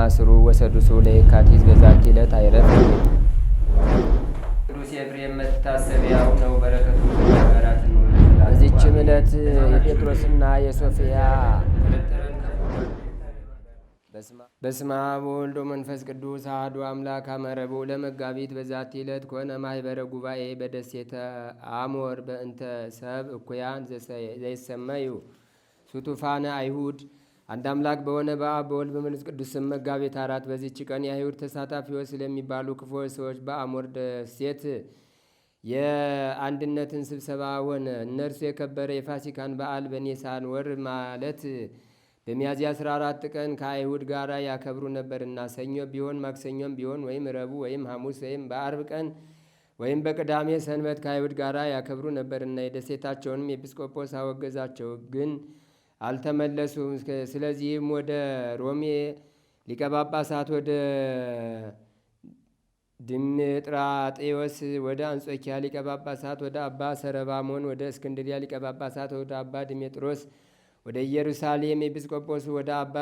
አማስሩ ወሰዱሱ ለየካቲት በዛቲ ዕለት አይረፍ። ቅዱስ ኤፍሬም መታሰቢያው ነው። በረከቱ ራት በዚችም ዕለት የጴጥሮስና የሶፊያ በስመ አብ ወወልድ ወመንፈስ ቅዱስ አሐዱ አምላክ። አመረቡ ለመጋቢት በዛቲ ዕለት ኮነ ማህበረ ጉባኤ በደሴተ አሞር በእንተ ሰብ እኩያን ዘይሰመዩ ሱቱፋነ አይሁድ አንድ አምላክ በሆነ በአብ በወልድ በመንፈስ ቅዱስ ስም መጋቢት አራት በዚች ቀን የአይሁድ ተሳታፊዎች ስለሚባሉ ክፉዎች ሰዎች በአሞር ደሴት የአንድነትን ስብሰባ ሆነ። እነርሱ የከበረ የፋሲካን በዓል በኔሳን ወር ማለት በሚያዝያ 14 ቀን ከአይሁድ ጋር ያከብሩ ነበርና ሰኞ ቢሆን ማክሰኞም ቢሆን ወይም ረቡዕ ወይም ሐሙስ ወይም በአርብ ቀን ወይም በቅዳሜ ሰንበት ከአይሁድ ጋር ያከብሩ ነበርና የደሴታቸውንም ኤጲስቆጶስ አወገዛቸው ግን አልተመለሱም። ስለዚህም ወደ ሮሜ ሊቀ ጳጳሳት ወደ ድምጥራጤዎስ ወደ አንጾኪያ ሊቀ ጳጳሳት ወደ አባ ሰረባሞን ወደ እስክንድሪያ ሊቀ ጳጳሳት ወደ አባ ድሜጥሮስ ወደ ኢየሩሳሌም ኤጲስቆጶስ ወደ አባ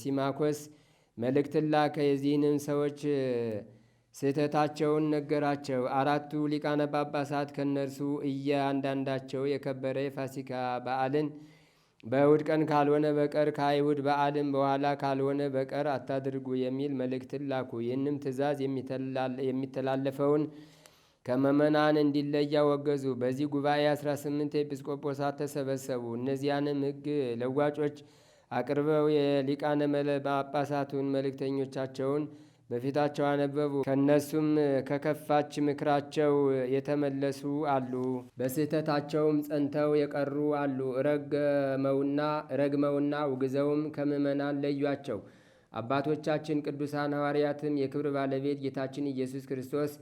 ሲማኮስ መልእክትን ላከ። የዚህንም ሰዎች ስህተታቸውን ነገራቸው። አራቱ ሊቃነ ጳጳሳት ከእነርሱ እያንዳንዳቸው የከበረ የፋሲካ በዓልን በእሁድ ቀን ካልሆነ በቀር ከአይሁድ በዓልም በኋላ ካልሆነ በቀር አታድርጉ የሚል መልእክትን ላኩ። ይህንም ትእዛዝ የሚተላለፈውን ከመመናን እንዲለይ አወገዙ። በዚህ ጉባኤ 18 ኤጲስቆጶሳት ተሰበሰቡ። እነዚያንም ሕግ ለዋጮች አቅርበው የሊቃነ ጳጳሳቱን መልእክተኞቻቸውን በፊታቸው አነበቡ። ከእነሱም ከከፋች ምክራቸው የተመለሱ አሉ፣ በስህተታቸውም ጸንተው የቀሩ አሉ። ረግመውና ረግመውና ውግዘውም ከምዕመናን ለዩአቸው። አባቶቻችን ቅዱሳን ሐዋርያትም የክብር ባለቤት ጌታችን ኢየሱስ ክርስቶስ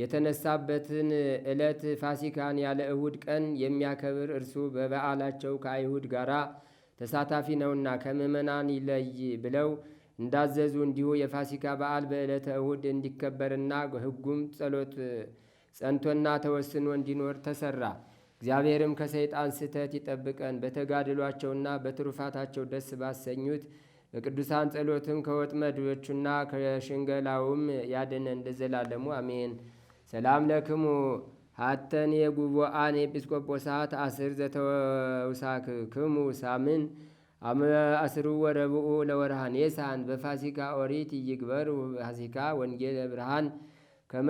የተነሳበትን ዕለት ፋሲካን ያለ እሁድ ቀን የሚያከብር እርሱ በበዓላቸው ከአይሁድ ጋር ተሳታፊ ነውና ከምዕመናን ይለይ ብለው እንዳዘዙ እንዲሁ የፋሲካ በዓል በዕለተ እሁድ እንዲከበርና ሕጉም ጸሎት ጸንቶና ተወስኖ እንዲኖር ተሰራ። እግዚአብሔርም ከሰይጣን ስህተት ይጠብቀን። በተጋድሏቸውና በትሩፋታቸው ደስ ባሰኙት በቅዱሳን ጸሎትም ከወጥመዶቹና ከሽንገላውም ያድነን ለዘላለሙ አሜን። ሰላም ለክሙ ሀተን የጉቦአን ኤጲስቆጶሳት አስር ዘተውሳክ ክሙ ሳምን አመ አስሩ ወረብኡ ለወርሃኔሳን በፋሲካ ኦሪት ይግበር ፋሲካ ወንጌለ ብርሃን ከመ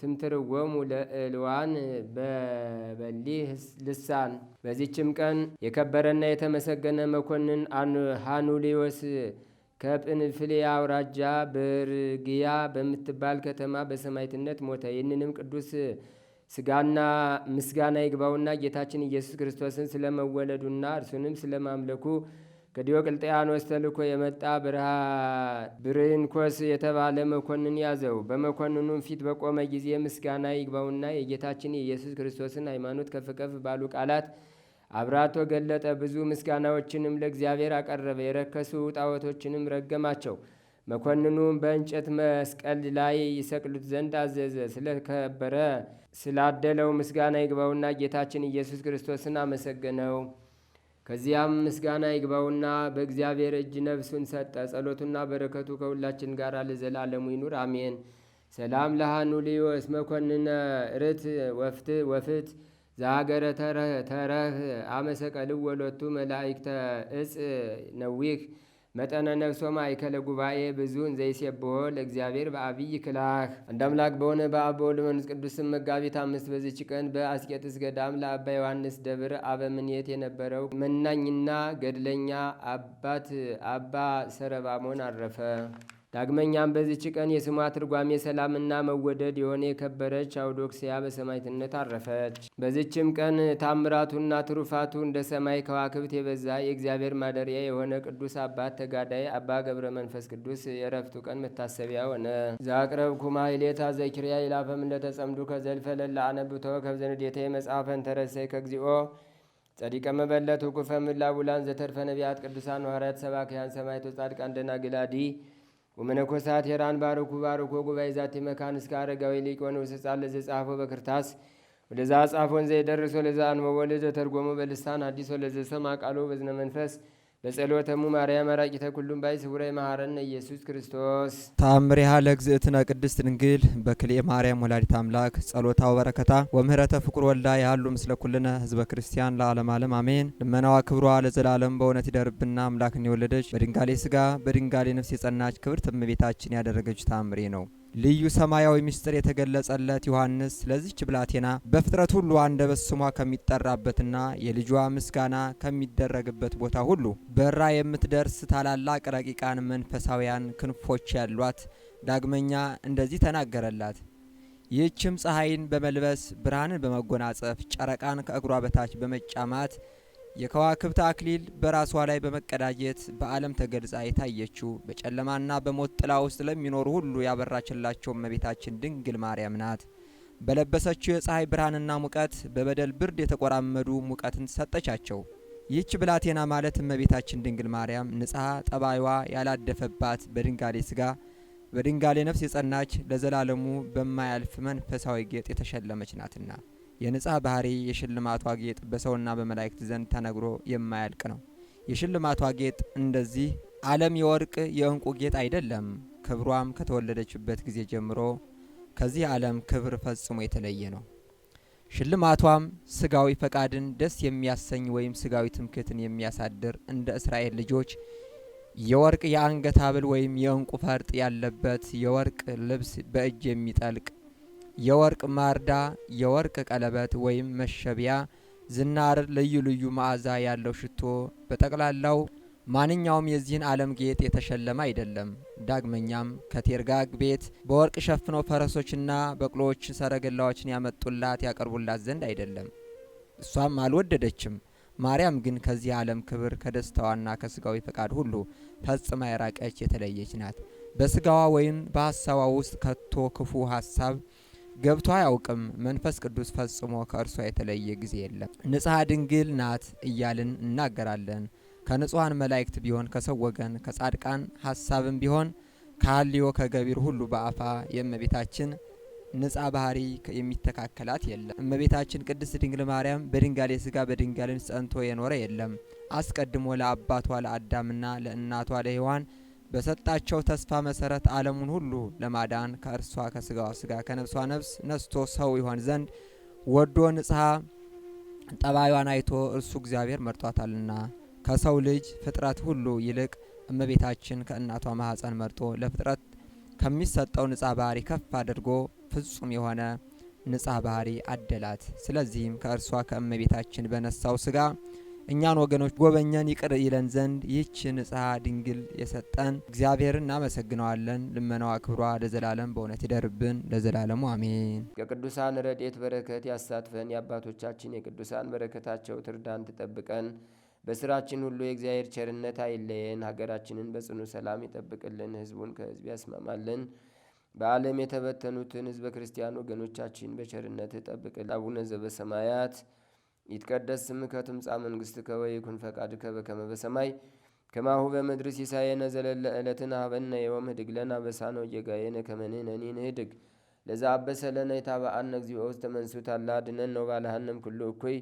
ትምትርወሙ ለእልዋን በበሊ ልሳን። በዚችም ቀን የከበረና የተመሰገነ መኮንን ሃኑሊዮስ ከጵንፍልያ አውራጃ ብርግያ በምትባል ከተማ በሰማይትነት ሞተ። ይህንንም ቅዱስ ስጋና ምስጋና ይግባውና ጌታችን ኢየሱስ ክርስቶስን ስለመወለዱና እርሱንም ስለማምለኩ ከዲዮቅልጥያኖስ ተልኮ የመጣ ብርንኮስ የተባለ መኮንን ያዘው። በመኮንኑም ፊት በቆመ ጊዜ ምስጋና ይግባውና የጌታችን የኢየሱስ ክርስቶስን ሃይማኖት ከፍ ከፍ ባሉ ቃላት አብራቶ ገለጠ። ብዙ ምስጋናዎችንም ለእግዚአብሔር አቀረበ። የረከሱ ጣዖቶችንም ረገማቸው። መኮንኑም በእንጨት መስቀል ላይ ይሰቅሉት ዘንድ አዘዘ። ስለከበረ ስላደለው ምስጋና ይግባውና ጌታችን ኢየሱስ ክርስቶስን አመሰገነው። ከዚያም ምስጋና ይግባውና በእግዚአብሔር እጅ ነፍሱን ሰጠ። ጸሎቱና በረከቱ ከሁላችን ጋር ለዘላለሙ ይኑር አሜን። ሰላም ለሃኑ ልዮስ መኮንነ ርት ወፍት ወፍት ዘሀገረ ተረህ አመሰቀልው ወሎቱ መላእክተ እጽ ነዊህ መጠነ ነፍሶ ማእከለ ጉባኤ ብዙን ዘይሴብሖ ለእግዚአብሔር በአብይ ክላክ። አንድ አምላክ በሆነ በአብ በወልድ በመንፈስ ቅዱስም መጋቢት አምስት በዚች ቀን በአስቄጥስ ገዳም ለአባ ዮሐንስ ደብር አበምኔት የነበረው መናኝና ገድለኛ አባት አባ ሰረባሞን አረፈ። ዳግመኛም በዚች ቀን የስሟ ትርጓሜ ሰላምና መወደድ የሆነ የከበረች አውዶክስያ በሰማይትነት አረፈች። በዚችም ቀን ታምራቱና ትሩፋቱ እንደ ሰማይ ከዋክብት የበዛ የእግዚአብሔር ማደሪያ የሆነ ቅዱስ አባት ተጋዳይ አባ ገብረ መንፈስ ቅዱስ የረፍቱ ቀን መታሰቢያ ሆነ። ዛቅረብ ኩማ ይሌታ ዘኪርያ ይላፈም እንደተጸምዱ ከዘልፈ ለላ አነብቶ ከብዘንዴቴ መጽሐፈን ተረሰይ ከግዚኦ ጸዲቀ መበለት ውቁፈ ምላቡላን ዘተርፈ ነቢያት ቅዱሳን ሐዋርያት ሰባክያን ሰማይቶ ጻድቃን ደናግላዲ ወመነኮሳት ሄራን ባርኩ ባርኮ ጉባኤ ዛቴ መካን እስከ አረጋዊ ሊቆን ውስጻን ለዘ ጻፎ በክርታስ ወደዛ ጻፎን ዘይደርሶ ለዛ አንበቦ ለዘ በልሳን አዲስ ወለዘ ሰማ ቃሎ በዝነ መንፈስ በጸሎተሙ ማርያም አራቂተ ኩሉም ባይ ስውራይ መሐረነ ኢየሱስ ክርስቶስ ታምሪሃ ለእግዝእትነ ቅድስት ድንግል በክልኤ ማርያም ወላዲት አምላክ ጸሎታ በረከታ ወምህረተ ፍቁር ወልዳ ያሉ ምስለ ኩልነ ህዝበ ክርስቲያን ለዓለም ዓለም አሜን። ልመናዋ ክብሯ ለዘላለም በእውነት ይደርብና አምላክን የወለደች በድንጋሌ ስጋ በድንጋሌ ነፍስ የጸናች ክብርት እመቤታችን ያደረገች ታምሬ ነው። ልዩ ሰማያዊ ምስጢር የተገለጸለት ዮሐንስ ለዚች ብላቴና በፍጥረት ሁሉ አንደበት ስሟ ከሚጠራበትና የልጇ ምስጋና ከሚደረግበት ቦታ ሁሉ በራ የምትደርስ ታላላቅ ረቂቃን መንፈሳውያን ክንፎች ያሏት ዳግመኛ እንደዚህ ተናገረላት። ይህችም ፀሐይን በመልበስ ብርሃንን በመጎናጸፍ ጨረቃን ከእግሯ በታች በመጫማት የከዋክብት አክሊል በራሷ ላይ በመቀዳጀት በዓለም ተገልጻ የታየችው በጨለማና በሞት ጥላ ውስጥ ለሚኖሩ ሁሉ ያበራችላቸው እመቤታችን ድንግል ማርያም ናት። በለበሰችው የፀሐይ ብርሃንና ሙቀት በበደል ብርድ የተቆራመዱ ሙቀትን ሰጠቻቸው። ይህች ብላቴና ማለት እመቤታችን ድንግል ማርያም ንጽሐ ጠባይዋ ያላደፈባት በድንጋሌ ስጋ በድንጋሌ ነፍስ የጸናች ለዘላለሙ በማያልፍ መንፈሳዊ ጌጥ የተሸለመች ናትና የነጻ ባህሪ የሽልማቷ ጌጥ በሰውና በመላእክት ዘንድ ተነግሮ የማያልቅ ነው። የሽልማቷ ጌጥ እንደዚህ ዓለም የወርቅ የእንቁ ጌጥ አይደለም። ክብሯም ከተወለደችበት ጊዜ ጀምሮ ከዚህ ዓለም ክብር ፈጽሞ የተለየ ነው። ሽልማቷም ስጋዊ ፈቃድን ደስ የሚያሰኝ ወይም ስጋዊ ትምክህትን የሚያሳድር እንደ እስራኤል ልጆች የወርቅ የአንገት ሐብል ወይም የእንቁ ፈርጥ ያለበት የወርቅ ልብስ በእጅ የሚጠልቅ የወርቅ ማርዳ፣ የወርቅ ቀለበት ወይም መሸቢያ፣ ዝናር፣ ልዩ ልዩ መዓዛ ያለው ሽቶ፣ በጠቅላላው ማንኛውም የዚህን ዓለም ጌጥ የተሸለመ አይደለም። ዳግመኛም ከቴርጋግ ቤት በወርቅ ሸፍኖ ፈረሶችና በቅሎዎች፣ ሰረገላዎችን ያመጡላት ያቀርቡላት ዘንድ አይደለም። እሷም አልወደደችም። ማርያም ግን ከዚህ ዓለም ክብር ከደስታዋና ከስጋዊ ፈቃድ ሁሉ ፈጽማ የራቀች የተለየች ናት። በስጋዋ ወይም በሐሳቧ ውስጥ ከቶ ክፉ ሐሳብ ገብቶ አያውቅም። መንፈስ ቅዱስ ፈጽሞ ከእርሷ የተለየ ጊዜ የለም። ንጽሐ ድንግል ናት እያልን እናገራለን። ከንጹሐን መላእክት ቢሆን ከሰው ወገን ከጻድቃን ሀሳብም ቢሆን ከሀልዮ ከገቢር ሁሉ በአፋ የእመቤታችን ንጻ ባህሪ የሚተካከላት የለም። እመቤታችን ቅድስት ድንግል ማርያም በድንጋሌ ስጋ በድንጋሌም ጸንቶ የኖረ የለም። አስቀድሞ ለአባቷ ለአዳምና ለእናቷ ለሔዋን በሰጣቸው ተስፋ መሰረት ዓለሙን ሁሉ ለማዳን ከእርሷ ከስጋዋ ስጋ ከነብሷ ነብስ ነስቶ ሰው ይሆን ዘንድ ወዶ ንጽሐ ጠባዩን አይቶ እርሱ እግዚአብሔር መርጧታልና ከሰው ልጅ ፍጥረት ሁሉ ይልቅ እመቤታችን ከእናቷ ማኅፀን መርጦ ለፍጥረት ከሚሰጠው ንጻ ባህሪ ከፍ አድርጎ ፍጹም የሆነ ንጻ ባህሪ አደላት። ስለዚህም ከእርሷ ከእመቤታችን በነሳው ስጋ እኛን ወገኖች ጎበኘን ይቅር ይለን ዘንድ ይህች ንጽሐ ድንግል የሰጠን እግዚአብሔር እናመሰግነዋለን። ልመናዋ ክብሯ ለዘላለም በእውነት ይደርብን ለዘላለሙ አሜን። የቅዱሳን ረድኤት በረከት ያሳትፈን። የአባቶቻችን የቅዱሳን በረከታቸው ትርዳን ትጠብቀን። በስራችን ሁሉ የእግዚአብሔር ቸርነት አይለየን። ሀገራችንን በጽኑ ሰላም ይጠብቅልን፣ ህዝቡን ከህዝብ ያስማማልን። በዓለም የተበተኑትን ህዝበ ክርስቲያን ወገኖቻችን በቸርነት ጠብቅል አቡነ ዘበሰማያት ይትቀደስ ስምከ ትምጻእ መንግሥትከ ወይኩን ፈቃድከ በከመ በሰማይ ከማሁ በምድር ሲሳየነ ዘለለ ዕለትነ ሀበነ ዮም ህድግ ለነ አበሳነ ወጌጋየነ ከመ ንሕነኒ ንህድግ ለዘአበሰ ለነ ኢታብአነ እግዚኦ ውስተ መንሱት አላ አድኅነነ ወባልሐነም ኩሉ እኩይ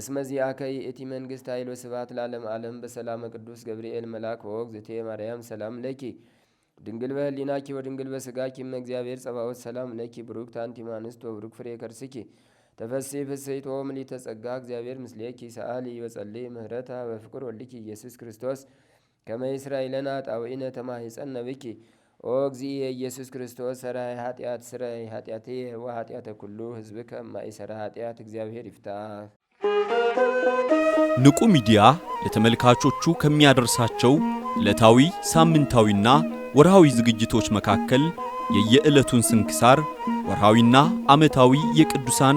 እስመ ዚአከ ይእቲ መንግሥት ኃይል ወስብሐት ለዓለመ ዓለም በሰላመ ቅዱስ ገብርኤል መልአክ ወእግዝእቴ ማርያም ሰላም ለኪ ድንግል በህሊናኪ ወድንግል በሥጋኪ እመ እግዚአብሔር ጸባኦት ሰላም ለኪ ብሩክት አንቲ እምአንስት ወብሩክ ፍሬ ከርስኪ ተፈሴ ፍሴቶ ሊተጸጋ እግዚአብሔር ምስሌኪ ሰአሊ በጸልይ ምህረታ በፍቅር ወልኪ ኢየሱስ ክርስቶስ ከመ ጣውዒነ ተማሂፀነ ብኪ ኦ እግዚ ኢየሱስ ክርስቶስ ሰራይ ኃጢአት ስራይ ኃጢአቴ ወኃጢአተ ኩሉ ህዝብ ከማይሰራ ኃጢአት እግዚአብሔር ይፍታ። ንቁ ሚዲያ ለተመልካቾቹ ከሚያደርሳቸው ዕለታዊ ሳምንታዊና ወርሃዊ ዝግጅቶች መካከል የየዕለቱን ስንክሳር ወርሃዊና ዓመታዊ የቅዱሳን